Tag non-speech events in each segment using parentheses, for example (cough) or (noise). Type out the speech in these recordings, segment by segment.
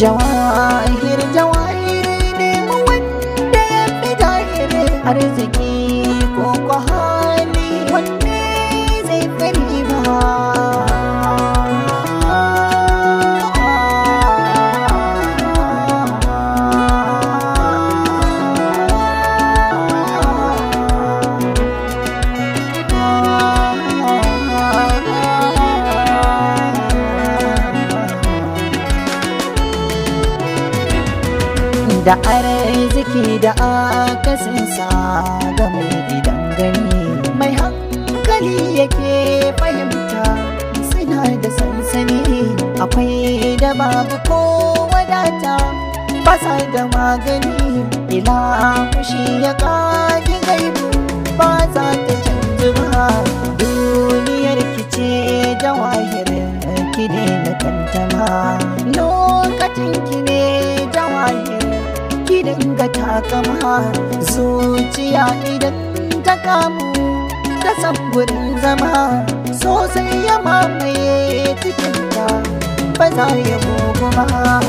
działania. da arziki da akasinsa ga mai gidan gani mai hankali yake fahimta suna da sansani akwai da babu ko wadata sa da magani ila fushi ya kaji gaibu ba za ta canji ba duniyar kice jawahirin ki ne na tantama lokacin ki ne jawahir idan ga takama zuciya idan ta kamu ta san gurin zama sosai ya mamaye cikinta ba za ya goma.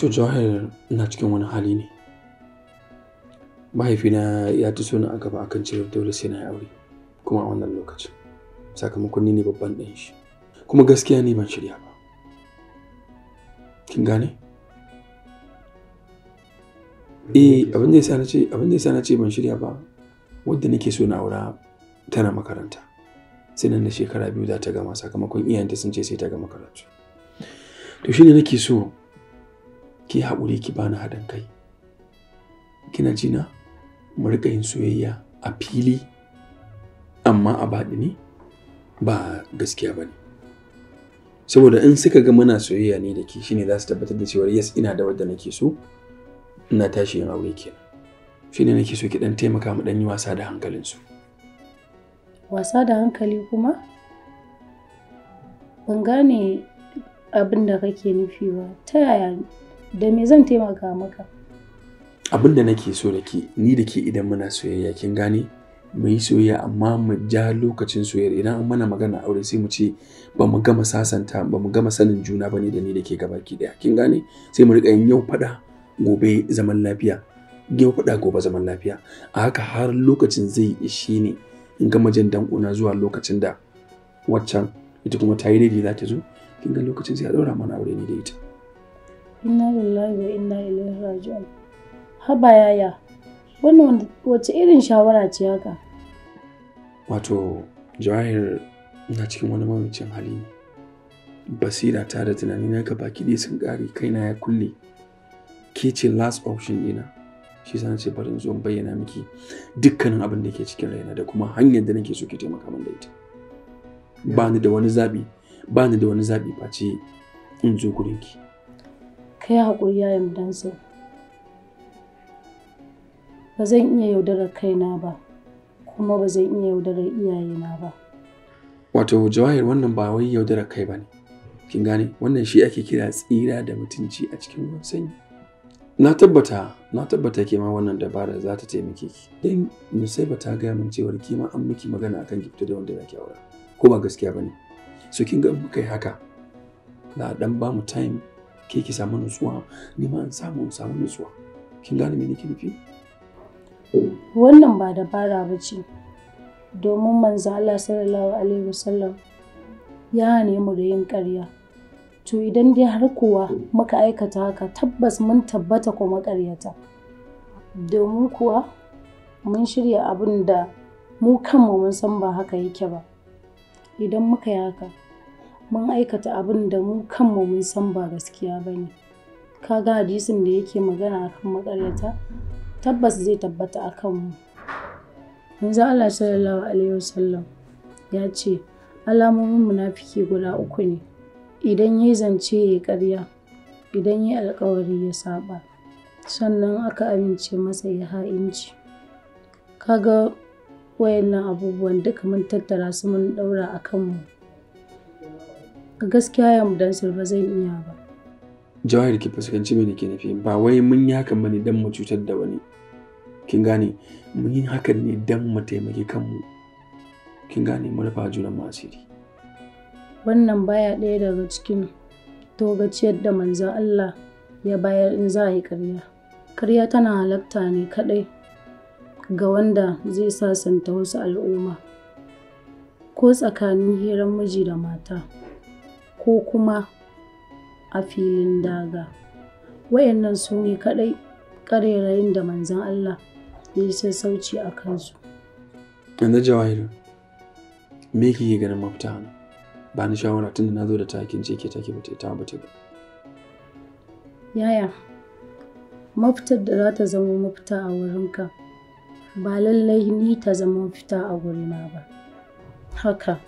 Wato jawahar ina cikin wani hali ne. Mahaifina ya tuso ni a gaba akan cewa dole sai na yi aure kuma a wannan lokacin. Sakamakon ni ne babban ɗan shi. Kuma gaskiya ni ban shirya ba. Kin gane? Eh, abin da ya sa na ce, abin da ya na ce ban shirya ba, wadda nake so na aura tana makaranta. Sai da shekara biyu za ta gama sakamakon iyayenta sun ce sai ta gama karatu. To shine nake so ki haƙuri ki bani haɗin kai kina ji na mu riƙa yin soyayya a fili amma a baɗi ne ba gaskiya ba ne saboda in suka ga muna soyayya ne da ke shine za su tabbatar da cewa yes ina da wadda nake so ina tashi yin aure kenan shine nake so ki ɗan taimaka mu ɗan yi wasa da hankalinsu wasa da hankali kuma ban gane abin da kake nufi ba ta yaya da me zan taimaka maka abin da nake so da ke ni da ke idan muna soyayya kin gane mu yi soyayya amma mu ja lokacin soyayya idan an mana magana aure sai mu ce ba mu gama sasanta ba mu gama sanin juna ba ne da ni da ke ki daya kin gane sai mu riƙa yin yau faɗa gobe zaman lafiya yau faɗa gobe zaman lafiya a haka har lokacin zai ishe ni in gama jin dankuna zuwa lokacin da waccan ita kuma ta yi daidai za ta zo kin ga lokacin sai a ɗaura mana aure ni da ita inna lillahi wa inna ilaihi raji'un haba yaya wannan wace irin shawara ce haka wato jawahir na cikin wani mamacin hali basira ta da tunani na ga baki dai sun kare kaina ya kulle ke ce last option dina shi sana ce bari zo bayyana miki dukkanin abin da ke cikin raina da kuma hanyar da nake so ki taimaka min da ita ba ni da wani zabi ba ni da wani zabi face in zo gurinki ki kai hakuri haƙuri yayin dansa. Ba zan iya yaudarar kaina ba, kuma ba zan iya yaudarar iyayena ba. Wato jawahir wannan ba wai yaudarar kai ba ne. Kin gane wannan shi ake kira tsira da mutunci a cikin ruwan Na tabbata, na tabbata ke ma wannan dabara za ta taimake ki. Dan Nusaiba ta gaya min cewar ki ma an miki magana akan ki fita da wanda zaki aura. Ko ba gaskiya bane. So kin ga kai haka. Na dan ba mu time ke ki samu nutsuwa ni ma in samu samu nutsuwa kin gane me nake nufi wannan ba dabara ba ce domin manzo Allah sallallahu alaihi wasallam ya nemi da yin ƙarya to idan dai har kuwa muka aikata haka tabbas mun tabbata kuma ƙaryata domin kuwa mun shirya abin da mu kanmu mun san ba haka yake ba idan muka yi haka mun aikata abin da mu kanmu mun san ba gaskiya ba ne Ka ga hadisin da yake magana akan makaryata tabbas zai tabbata a kanmu yanzu allah sallallahu alaihi wasallam ya ce alamomin munafiki guda uku ne idan ya zance ya karya idan ya alkawari ya saba sannan aka amince masa ya ha'inci kaga wayannan abubuwan duka mun tattara su mun daura a kanmu Ka gaskiya ya mu dan silba zai iya ba. Jawahir ki fuskanci me nake nufi ba wai mun yi hakan bane dan mu cutar da wani. Kin gane mun yi hakan ne dan mu taimaki kanmu. Kin gane mu rufa junan mu asiri. Wannan baya ɗaya daga cikin togaciyar da manzon Allah ya bayar in za a yi ƙarya. Ƙarya tana halatta ne kaɗai ga wanda zai sasanta wasu al'umma ko tsakanin hirar miji da mata. ko kuma a filin daga wayannan su ne kadai karerayin da manzan Allah ya yi sassauci a kansu yanzu jawahiru me kike ganin mafita hannu ba ni shawara tun da na zo da takin ce ke take ba ta ba ta ba yaya mafitar da za ta zama mafita a wurinka ba lallai ni ta zama mafita a wurina ba haka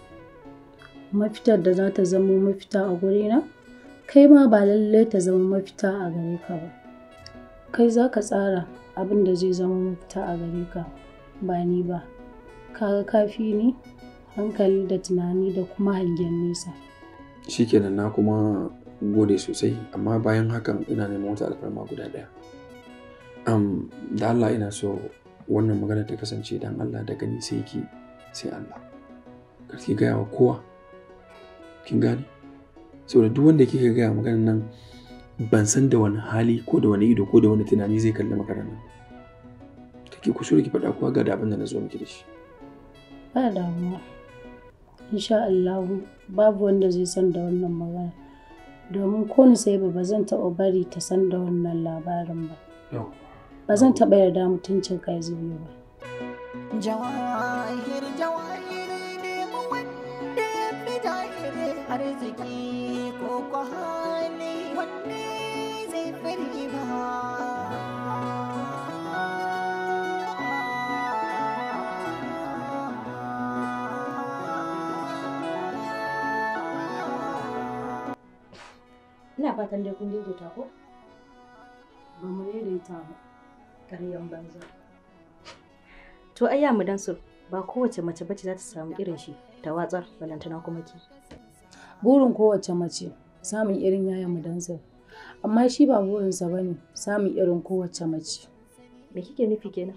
mafitar da za ta zama mafita a na kai ma ba lallai ta zama mafita a gare ka ba kai za ka tsara abin da zai zama mafita a gare ka ba ni ba kaga kafi ni hankali da tunani da kuma hangen nesa shi shikenan na kuma gode sosai amma bayan hakan ina neman wata alfarma guda ɗaya um, da Allah ina so wannan magana ta kasance dan Allah da gani sai ki sai Allah karki gaya wa kowa kin gane saboda duk wanda kika gaya magana nan ban san da wani hali ko da wani ido ko da wani tunani zai kalli magana nan kake kushuri ki faɗa kuwa ga da abin da na zo miki da shi ba damuwa insha Allah babu wanda zai san da wannan magana domin ko ni sai ba zan taɓa bari ta san da wannan labarin ba ba zan taɓa yarda mutuncin kai yi ba jawahir jawahir arziki ko wanne zai ba ina fatan dai kun daidaita ko? ba mu daidaita ba ƙaryan banza to ayya mu dan su ba kowace mace bace za ta samu irin shi ta watsar balantana kuma ki Burin kowace mace samun irin yayan mudansa amma shi ba burinsa ba ne samun irin kowace mace. Me kike nufi kenan?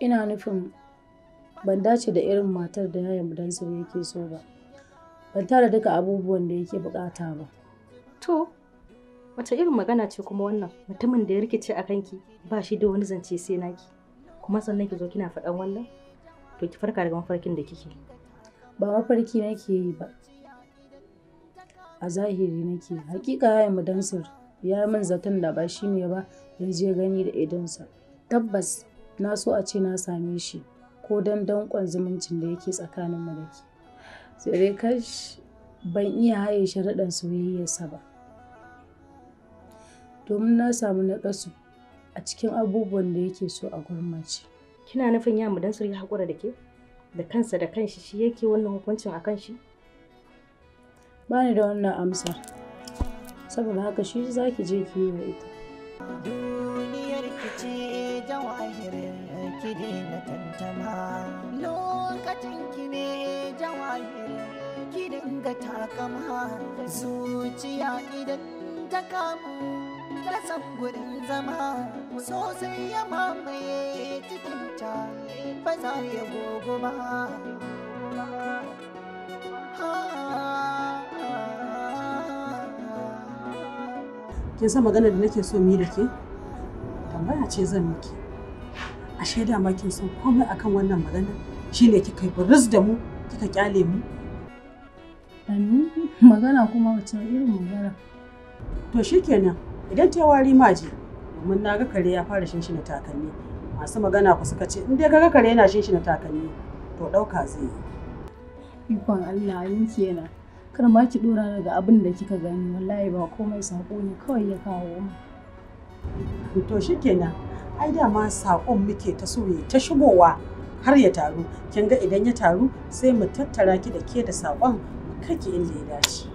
Ina nufin ban dace da irin matar da yayan mudanzir yake so ba. Ban tara duka abubuwan da yake bukata ba. To, wace irin magana ce kuma wannan mutumin da ya rikice a kanki ba shi da wani zance sai naki kuma sannan ki zo kina faɗan wannan to ki farka daga mafarkin da kike ba mafarki nake yi ba a zahiri nake hakika ya mu dansar ya min zaton da ba shi ne ba ya je gani da idonsa tabbas na so a ce na same shi ko dan danƙon zumuncin da yake tsakanin mu da ke sai kash ban iya haye sharaɗan soyayyarsa ba domin na samu naƙasu a cikin abubuwan da yake so a gurmace kina nufin ya mu dansar ya haƙura da ke da kansa da kanshi shi yake wannan hukuncin a kanshi. shi bani da wannan amsar saboda haka shi za ki je ki yi wa ita duniyar ki ce jawahirin ki daina tantama lokacin ki ne jawahirin ki dinga takama zuciya idan ta kamu ta san gurin zama sosai ya mamaye cikinta ba za ya gogo kin san magana da nake so mu yi da ke tambaya ce zan miki a shaida ma kin san komai akan wannan magana shine kika yi buris da mu kika kyale mu magana kuma wace irin magana to shikenan idan ta wari ma domin na ga kare ya fara shinshina takalmi masu magana ku suka ce in dai ga kare yana shinshina takalmi to ɗauka zai yi ikon Allah yin kenan kar ma ki dora daga abin da kika gani wallahi ba komai sako ne kawai ya kawo mu to shikenan ai da ma sakon muke ta so ta shigowa har ya taru kin ga idan ya taru sai mu tattara ki da ke da sakon kake inda ya dace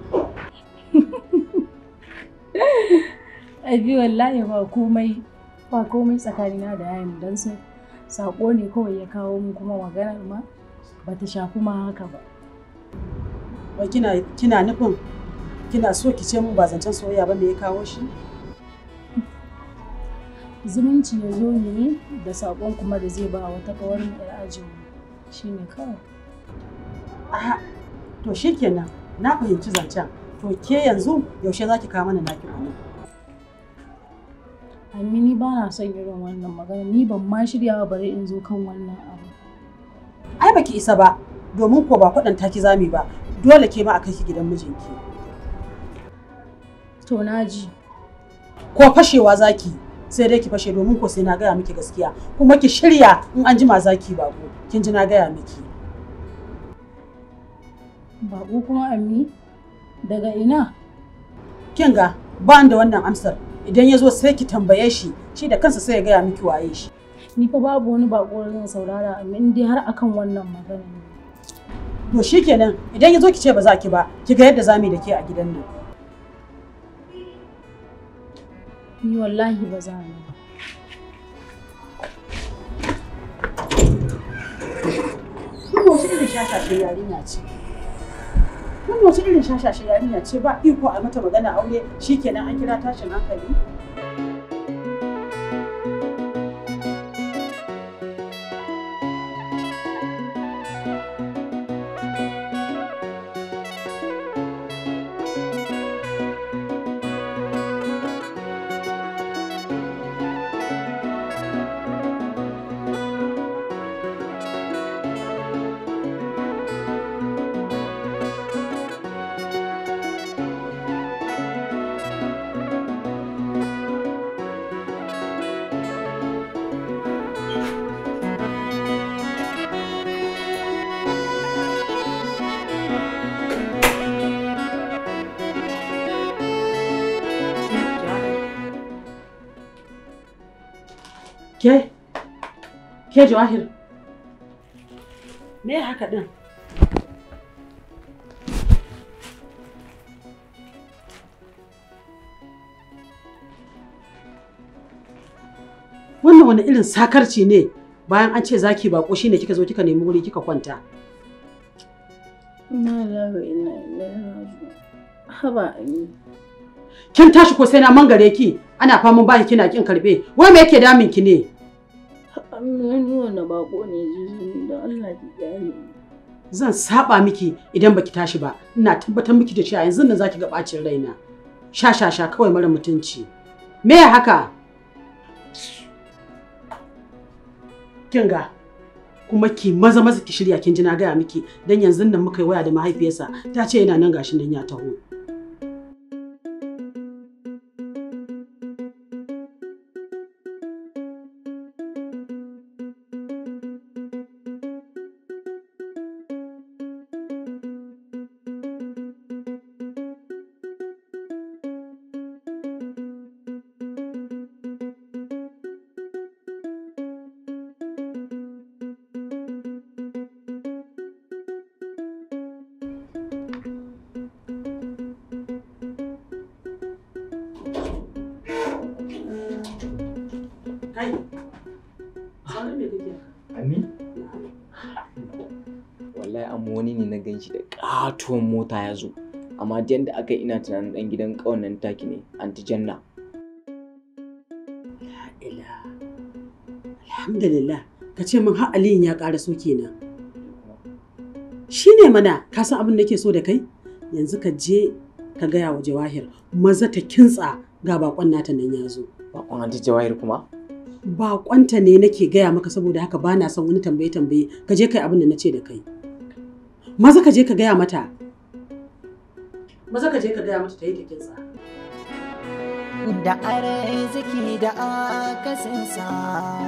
(laughs) abi wallahi ba komai ba komai tsakanina da yayin dan sai sako ne kawai ya kawo mu kuma maganar ma bata shafi ma haka ba wai kina kina nufin kina so ki ce mun ba zancen soyayya ba me ya kawo shi zumunci ya zo ne da saƙon kuma da zai ba wa wata kawar mu yar ajin shine kawai a to shikenan na fahimci zancen to ke yanzu yaushe zaki kawo mana naki kuma Amma ni ba na son irin wannan magana ni ban ma shirya ba bare in zo kan wannan abu. Ai baki isa ba domin ko ba kwaɗan ki zami ba dole ke ma a kai ki gidan mijinki to na ji. ko fashewa zaki sai dai ki fashe domin ko sai na gaya miki gaskiya kuma ki shirya in an jima zaki bako kin ji na gaya miki bako kuma ammi daga ina kin ga ba da wannan amsar idan ya zo sai ki tambaye shi shi da kansa sai ya gaya miki waye shi ni fa babu wani bako saurara amma in dai har akan wannan magana ne to shikenan idan yazo ki ce ba za ki ba ki ga yadda zamu mu da ke a gidan nan ni wallahi ba za ni wace irin shashashe yarinya ce wannan wace irin shashashe yarinya ce ba iko a mata magana aure shikenan an kira tashin hankali Ke Jawahir. Me haka din? Wannan wani irin sakarci ne bayan an ce zaki bako shine kika zo kika nemi wuri kika kwanta. Inna lillahi inna ilaihi raji'un. Haba Kin tashi ko sai na mangare ki ana faman bayan kina kin karbe. Wai me yake damin ki ne? bako ne don Allah ki Zan saba miki idan baki tashi ba, ina tabbatar miki da cewa yanzu nan zaki ga bacin raina. Sha sha sha kawai mara mutunci. Me haka? Kin ga kuma ki maza maza ki shirya kin ji na gaya miki dan yanzu nan muka yi waya da mahaifiyarsa ta ce yana nan gashi nan ya taho. zo amma da yadda aka ina tunanin dan gidan ƙaunan taki ne anti janna alhamdulillah ka ce min har aliyun ya ƙara so kenan shi ne mana ka san abin da ke so da kai yanzu ka je ka gaya wa jawahir maza ta kintsa ga bakon nata nan ya zo bakon anti jawahir kuma bakonta ne nake gaya maka saboda haka ba na son wani tambaye tambaye ka je kai abin da na ce da kai maza ka je ka gaya mata maza ka je ka gaya mata ta yi jikin sa da arziki da aka sa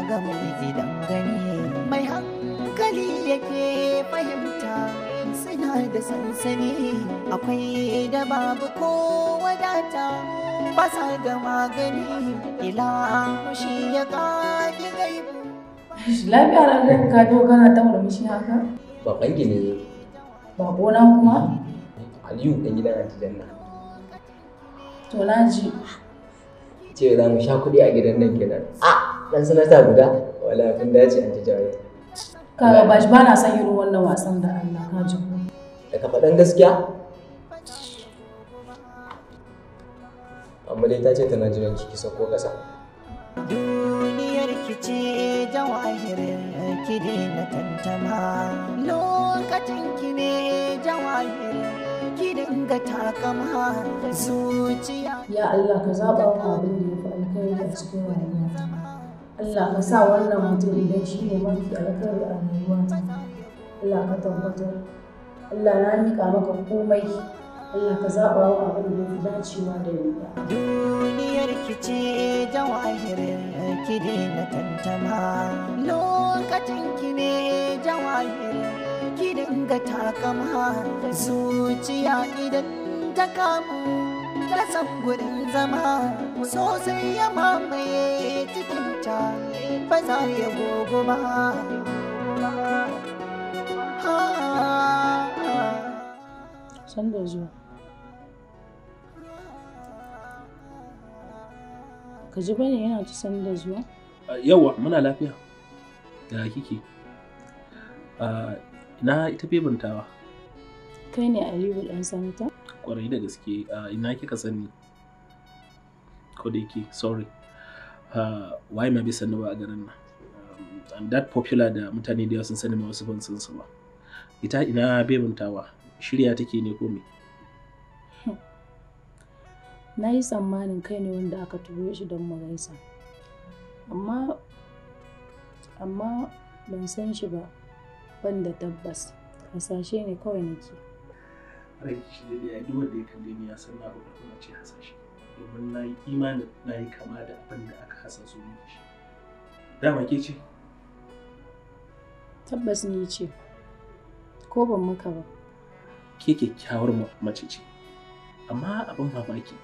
ga mai gidan gani mai hankali yake fahimta suna da sansani akwai da babu ko wadata ba sa da magani ila shi ya kage gaibu lafiya ran ka to kana ta murmushi haka ba kanki ne ba gona kuma Aliyu ɗan gidan Antijanna. To na ji. Ce za mu sha kuɗi a gidan nan kenan. A ɗan sanata guda wala kun dace Antijawa. Kaga ba ba na son irin wannan wasan da Allah ka ji. Da ka faɗan gaskiya? Amma dai ta ce tana jiran kiki sako ƙasa. Duniyar kice jawahirin ki tantama lokacin ki ne jawahirin dinga takama zuciya ya Allah ka zaɓa wa abin da fi alkhairi a cikin rayuwa Allah ka sa wannan mutum idan shi ne mafi alkhairi a rayuwa Allah ka tabbatar Allah na miƙa maka komai Allah ka zaɓa wa abin da ya fi dacewa da yarda duniyar ki ce jawahirin ki daina tantama lokacin ki ne jawahirin ki dinga takama zuciya idan ta kamu ta san gurin zama sosai ya mamaye cikinta ba za ya gogo ba san da zuwa ka ji bane yana ta san da zuwa yawa muna lafiya da kike ah, Ina ita bebin tawa? Kai ne Aliyu dan sanata? Kwarai da gaske, ina kika sani. Ko da yake, sorry. why ma bai sani ba a garin nan. And um, that popular da mutane da sun sani ma wasu ban san su ba. Ita ina bebin tawa? Shirya take ne ko me? Hmm. Na yi tsammanin kai ne wanda aka turo shi don mu Amma, amma ban san shi ba. ban da tabbas hasashe ne kawai nake rai shi da ya duk wanda ya kalle ni ya san na abu kuma ce hasashe domin na yi imanin na yi kama da abin da aka hasaso ni shi dama ke ce tabbas ni ce ko ban maka ba ke kyakkyawar mace ce amma abin mamaki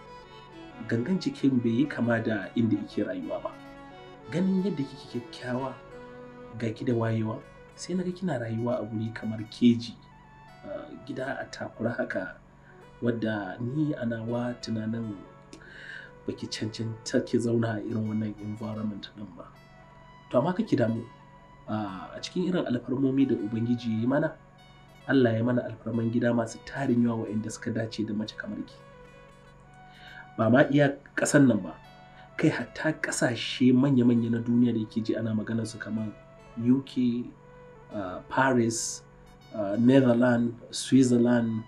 gangan cikin bai yi kama da inda yake rayuwa ba ganin yadda kike kyakkyawa ga ki da wayewa sai na ga kina rayuwa a guri kamar keji gida a takura haka wadda ni a nawa tunanin baki cancanta ki zauna a irin wannan environment din ba to amma kake damu a cikin irin alfarmomi da ubangiji ya yi mana Allah ya mana alfarman gida masu tarin yawa inda suka dace da mace kamar ki ba ma iya kasan nan ba kai hatta kasashe manya-manya na duniya da yake ji ana maganar su kamar UK Uh, paris uh, netherland switzerland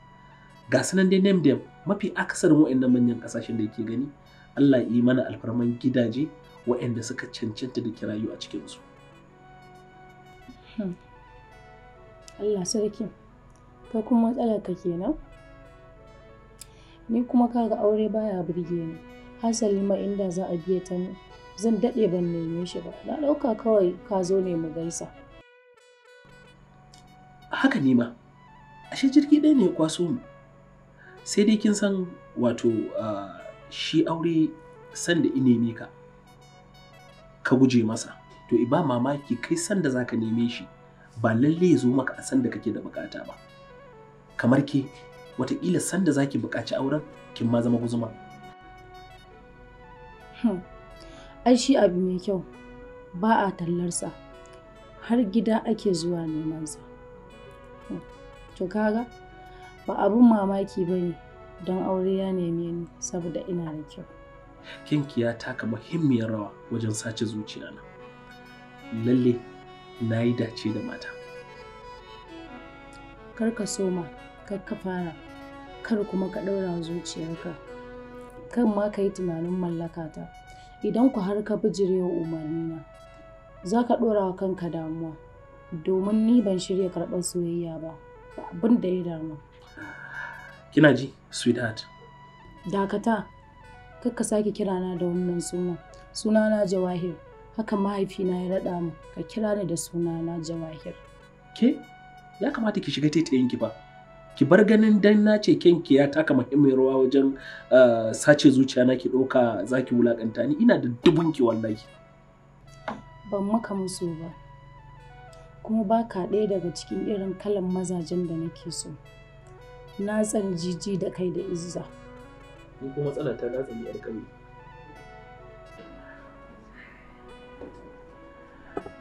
ga sanan dai name mafi akasarin waɗannan manyan ƙasashe da ke gani allah yi mana alfarman gidaje waɗanda suka cancanta da kirayu a cikinsu hmm. allah sarki ka kuma matsalar ka kenan ni kuma kaga aure baya birge ni hasali ma inda za a biya ta ni zan daɗe ban neme shi ba na ɗauka kawai ka zo ne mu gaisa haka ne ma ashe jirgi ɗaya ne ya kwaso mu sai dai kin san wato shi aure sanda da neme ka ka guje masa to ba mamaki kai sanda za ka neme shi ba lalle ya zo maka a sanda kake da bukata ba kamar ke watakila sanda za ki buƙaci auren kin ma zama guzuma hmm. ai shi abu mai kyau ba a tallarsa har gida ake zuwa neman sa. Hmm. to kaga ba abun mamaki ba ne don aure ya neme ni saboda ina da kyau kinki ya taka muhimmiyar rawa wajen sace zuciya na lalle na yi dace da mata kar ka soma kar ka fara kar kuma ka ɗaura zuciyarka kan ma ka yi tunanin mallaka ta idan ku har ka bijirewa umarni za ka ɗora wa kanka damuwa domin ni ban shirya karɓar soyayya ba abin da ya damu kina ji sweetheart dakata kakka sake kirana da wannan suna sunana jawahir haka mahaifina ya raɗa mu ka kira ni da sunana jawahir ke ya kamata ki shiga ki ba ki bar ganin dan na ce kenki ya taka muhimmin rawa wajen eh, sace zuciya na ki ɗauka zaki wulakanta ni ina da dubunki wallahi ban maka musu ba kuma ba ka ɗaya daga cikin irin kalan mazajen da nake so na tsan jiji da kai da izza ni kuma matsala ta na tsani yar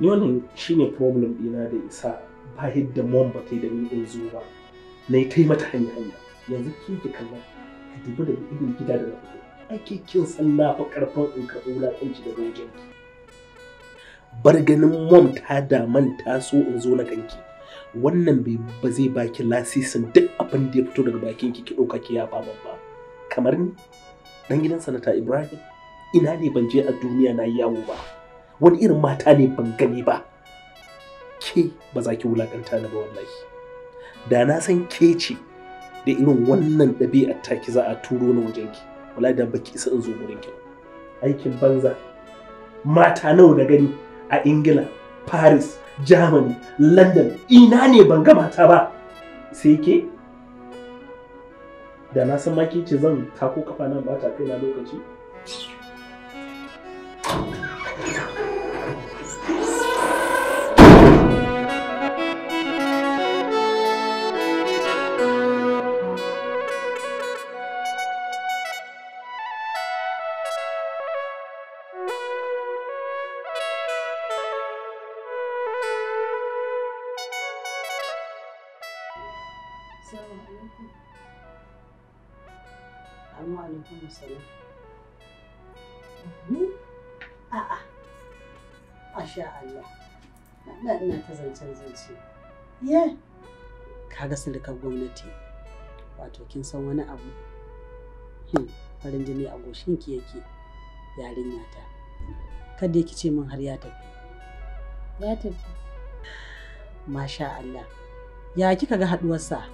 ni wannan shine problem ɗina da isa ba yadda mom ba ta yi da ni in zo ba na yi kai mata hanya hanya yanzu ke ki kalla ki dubi da irin gida da na fito ake kin san na fa karfin in karɓi wulaƙanci daga wajen ki bar ganin mom ta da man taso in zo na kanki wannan bai ba zai baki lasisin duk abin da ya fito daga bakin ki ki ɗauka ki ya ba ba kamar ni dan gidan sanata Ibrahim ina ne ban je a duniya na yawo ba wani irin mata ne ban gani ba ke ba za ki wulakanta ni ba wallahi da na san ke ce da irin wannan ɗabi'ar ki za a turo ni wajen ki wallahi da baki isa in zo gurin ki aikin banza mata nawa na gani a ingila paris germany london ina ne ban gamata ba sai ke da na san maki ce zan tako kafa nan ba ta kai na lokaci alaikum salam a'a asha Allah na ina ta zancen zance ye kaga sirkar gwamnati wato kin san wani abu hmm, farin jini a goshin ki yake yarinya ta kada ki ce min har ya tafi ya tafi masha Allah ya kika ga haɗuwarsa?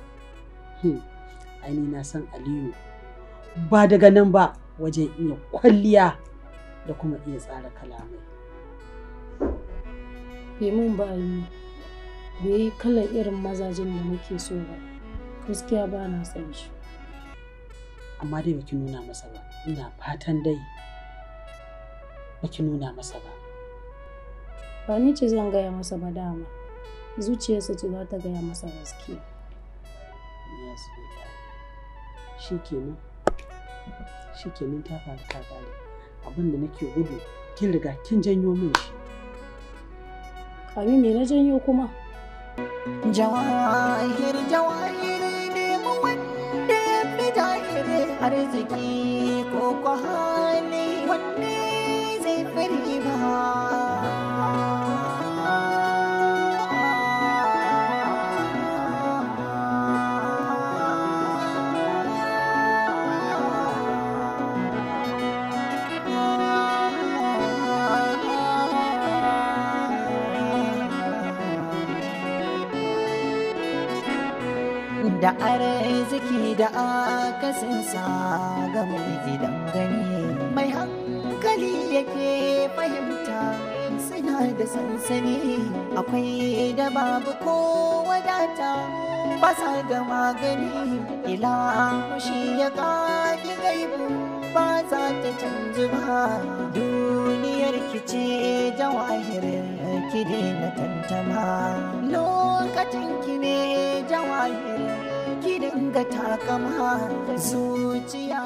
hmm. ai ni na san Aliyu ba daga nan ba wajen iya kwalliya da kuma iya tsara kalamai. Lemun ba yi bai yi kalar irin mazajen da nake so ba gaskiya ba na san shi. Amma dai baki nuna masa ba ina fatan dai baki nuna masa ba. Ba ni ce zan gaya masa ba dama zuciyarsa ce za ta gaya masa gaskiya. Yes, shi kenan. shi kenan ta faru ta ƙare abinda nake gudu kin riga kin janyo min shi kamin me na janyo kuma jawahir jawahir ne mu wanda fi jahiri arziki ko kwa hali wanne zai fari ba da arziki da akasinsa ga mai gidan gani mai hankali yake fahimta suna da sansani akwai da babu ko wadata basa da magani ila shi ya kaki gaibu ba za ta canji ba duniyar kice ce jawahirin ki daina tantama lokacin kine ne jawahirin ki dinga takama zuciya